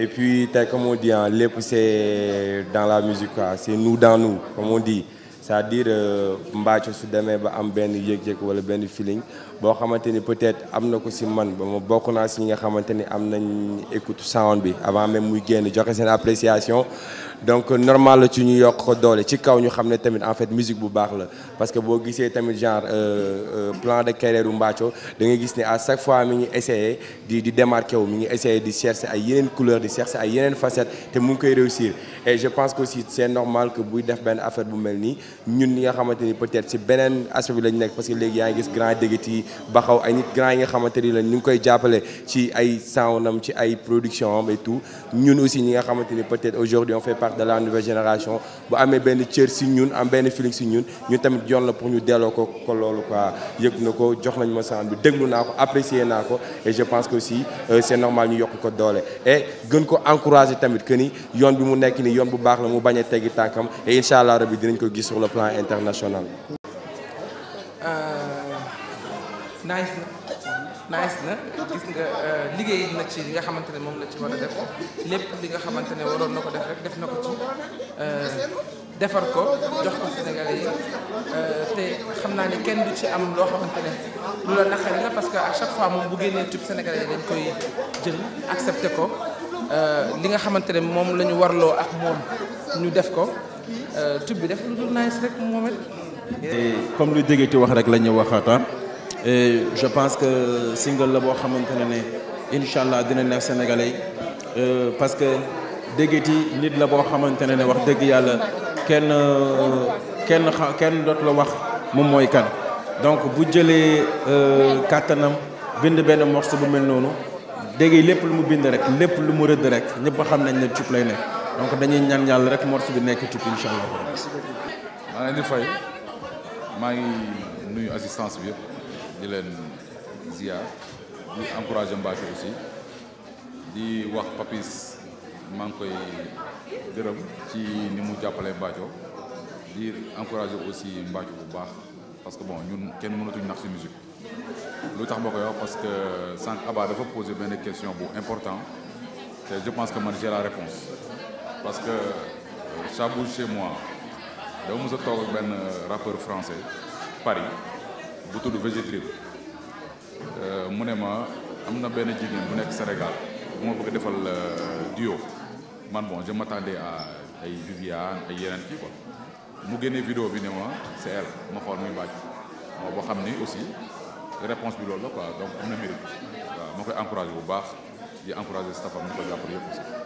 Et te comme on dit, hein, c'est dans la musique, c'est nous dans nous, comme on dit. c'est-à-dire euh, mbaaco su demee ba am benn yëg-yëg wala benn feeling boo xamante ni peut-être am na ko si man ba mu bokk naa si ñi nga xamante ni am nañ écoute sound bi avant même muy génn joxe seen appréciation donc normal la ci ñu yokk ko doole ci kaw ñu xam ne tamit en fait musique bu baax la parce que boo gisee tamit genre euh, euh, plan de carrière u Mbathio da nga gis ne à chaque fois mi ngi essayer di di démarquer wu mi ngi essayer di chercher ay yeneen couleur di chercher ay yeneen facette te mu ngi koy réussir et je pense que aussi c'est normal que buy def benn affaire bu mel nii ñun ñi nga xamante ni peut-être ci beneen aspect bi lañ nekk parce que léegi yaa ngi gis grand dégét yi baxaw ay nit grand xamante ni la ñu ngi koy jàppale ci ay sound am ci ay production am et tout ñun ñi nga xamante ni peut-être aujourd'hui on part de la nouvelle génération bu amee benn cër si ñun am benn feeling si ñun ñu tamit yoon la pour ñu delloo ko ko loolu quoi yëg na ko jox nañ ma saan bi déglu naa ko apprécier naa ko e je pense que aussi euh, c'est normal ñu yokk ko doole et gën ko encourager tamit que ni yoon bi mu nekk nii yoon bu baax la mu bañ a teggi tànkam et incha allah rabi dinañ ko gis sur le plan international. Euh, nice. nice na gis nga euh, liggéey na ci li nga xamante ne moom la ci war a def lépp li nga xamante ne waroon na ko def def na ko ci euh, defar ko jox ko Sénégalais yi euh, kenn du ci am loo xamante ne lu parce que à chaque moom bu génnee tube Sénégalais yi accepté ko li nga xamante ne moom la ñu warloo ak moom ñu def ko tube bi def lu dul nice rek moom it. comme lu déggee ci wax rek la ñu waxaat je pense que single la boo xamante ne ne incha allah dina neex sénégalais yi euh, parce que déggati nit la boo xamante ne ne wax dégg yàlla kenn kenn xa kenn doot la wax moom mooy kan. donc bu jëlee euh, kàttanam bind benn morse bu mel noonu dégg lépp lu mu bind rek lépp lu mu rëdd rek ñëpp xam nañ ne tube lay ne donc dañuy ñaan yàlla rek morceau bi nekk tube incha allah. maa ngi leen di maa ngi nuyu assistance bi yëpp. di leen ziar di encouragé Mbathio aussi di wax Papis maa ngi koy gërëm ci ni mu jàppale Mbathio di encouragé aussi Mbathio bu baax parce que bon ñun kenn mënatuñ nax si musique lu tax ma koy wax parce que sànq Abba dafa posé benn question bu important te je pense que man j'ai la réponse parce que euh, ça bouge chez moi dama mës toog benn euh, rappeur français Paris bu tudd Végétrip euh, mu ne ma am na benn jigéen bu nekk Sénégal bu ma bëgg defal euh, duo man bon je m'attendais à ay Viviane ay yeneen kii quoi mu génnee vidéo bi ne ma c'est elle ma xool muy bàcc moo boo xam ni aussi réponse bi loolu la quoi donc am na mérite waaw ma koy encouragé bu baax di encouragé staffam ñu ko jàppale yëpp aussi